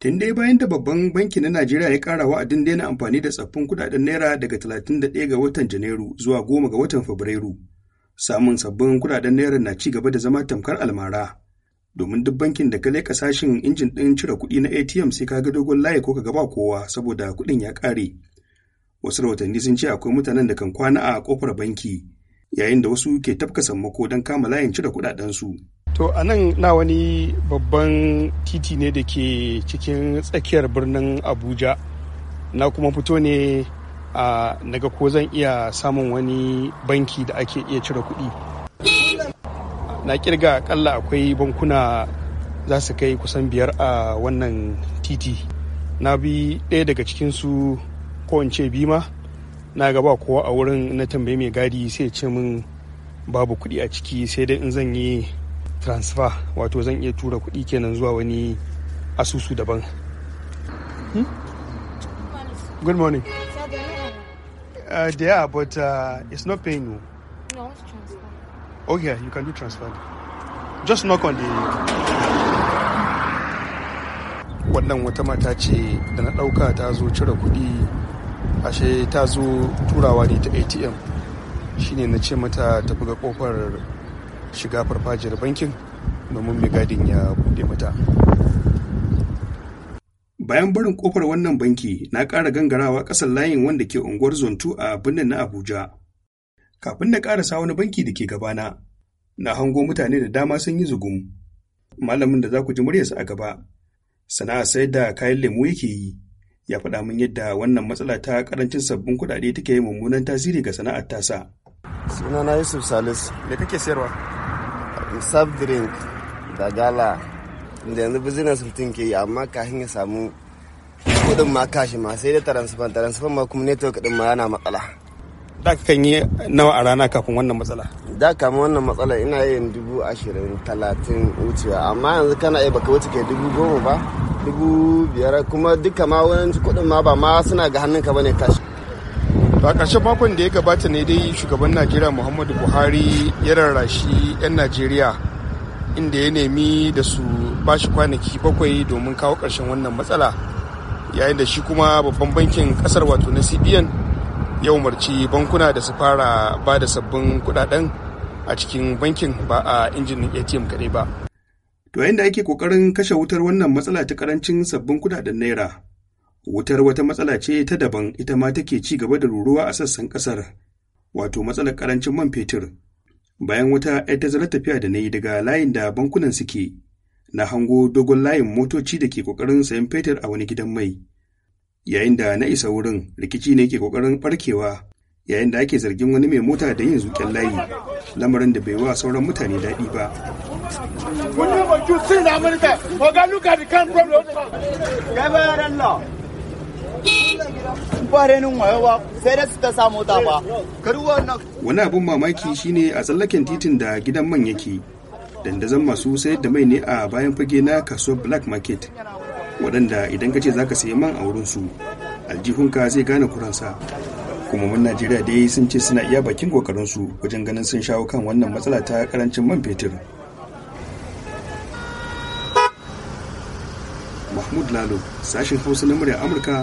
tun dai bayan da babban banki na najeriya ya kara wa'adin daina amfani da tsaffin kudaden naira daga 31 ga watan janairu zuwa 10 ga watan fabrairu samun sabbin kudaden naira na ci gaba da zama tamkar almara domin duk bankin da ka kasashen sashin injin ɗin cire kuɗi na atm sai ka ga dogon layi ko ka ba kowa saboda kuɗin ya ƙare wasu rahotanni sun ce akwai mutanen da kan kwana a kofar banki yayin da wasu ke tafka sammako don kama layin cire kuɗaɗensu. su To a nan na wani babban titi ne da ke cikin tsakiyar birnin Abuja. Na kuma fito ne a naga ko zan iya samun wani banki da ake iya cire kuɗi. Na kirga akalla akwai bankuna za su kai kusan biyar a wannan titi. Na bi ɗaya daga cikinsu ko in bima na gaba kowa a wurin na tambaye mai gadi sai ce min babu kuɗi a ciki sai dai in zan yi transfer wato zan iya tura kuɗi kenan zuwa wani asusu daban hmm? good morning uh, they are but uh, it's not paying you no it's transfer okay you can do transfer just knock on the wannan wata mata ce da na ɗauka ta zo cire kuɗi ashe ta zo turawa ne ta atm shine na ce mata ta buga kofar shiga farfajiyar bankin domin mai gadin ya bude mata bayan barin kofar wannan banki na ƙara gangarawa ƙasar layin wanda ke unguwar zontu a birnin na abuja kafin na ƙarasa wani banki da ke gabana na hango mutane da dama sun yi zugum malamin da za ku ji muryarsa a gaba sana'a sayar da kayan lemu yake yi ya faɗa min yadda wannan matsala ta karancin sabbin kuɗaɗe take yi mummunan tasiri ga sana'ar tasa sunana yusuf salis me kake sayarwa soft drink da gala da yanzu business mutum ke yi amma kafin ya samu kudin ma kashi ma sai da transfer transfer ma kuma network din ma yana matsala da ka kan yi nawa a rana kafin wannan matsala da kama wannan matsala ina yin dubu ashirin talatin wucewa amma yanzu kana iya baka wuce ke dubu goma ba dubu biyar kuma duka ma wani kudin ma ba ma suna ga hannunka bane kashi a ƙarshen makon da ya gabata ne dai shugaban najeriya muhammadu buhari ya rarrashi 'yan najeriya inda ya nemi da su ba shi kwanaki bakwai domin kawo karshen wannan matsala yayin da shi kuma babban bankin ƙasar wato na cbn ya umarci bankuna da su fara ba da sabbin kudaden a cikin bankin ba a injinin atm kaɗai ba to yayin da ake kokarin kashe wutar wannan matsala ta karancin sabbin kudaden naira wutar wata matsala ce ta daban ita ma take ci gaba da ruruwa a sassan ƙasar wato matsalar karancin man fetur bayan wata 'yar tazarar tafiya da na yi daga layin da bankunan suke na hango dogon layin motoci da ke ƙoƙarin sayan fetur a wani gidan mai yayin da na isa wurin rikici ne ke ƙoƙarin barkewa yayin da ake zargin wani mai mota da yin zuƙen layi lamarin da bai wa sauran mutane daɗi ba wani abin mamaki shine a tsallaken titin da gidan man yake dandazon masu sayar da mai ne a bayan fage na kasuwar black market waɗanda idan ka ce za ka sayi man a wurinsu aljihunka zai gane kuransa hukumomin najeriya dai sun ce suna iya bakin kokarinsu wajen ganin sun shawo kan wannan matsala ta karancin man fetur mahmud lalo sashen hausa na murya amurka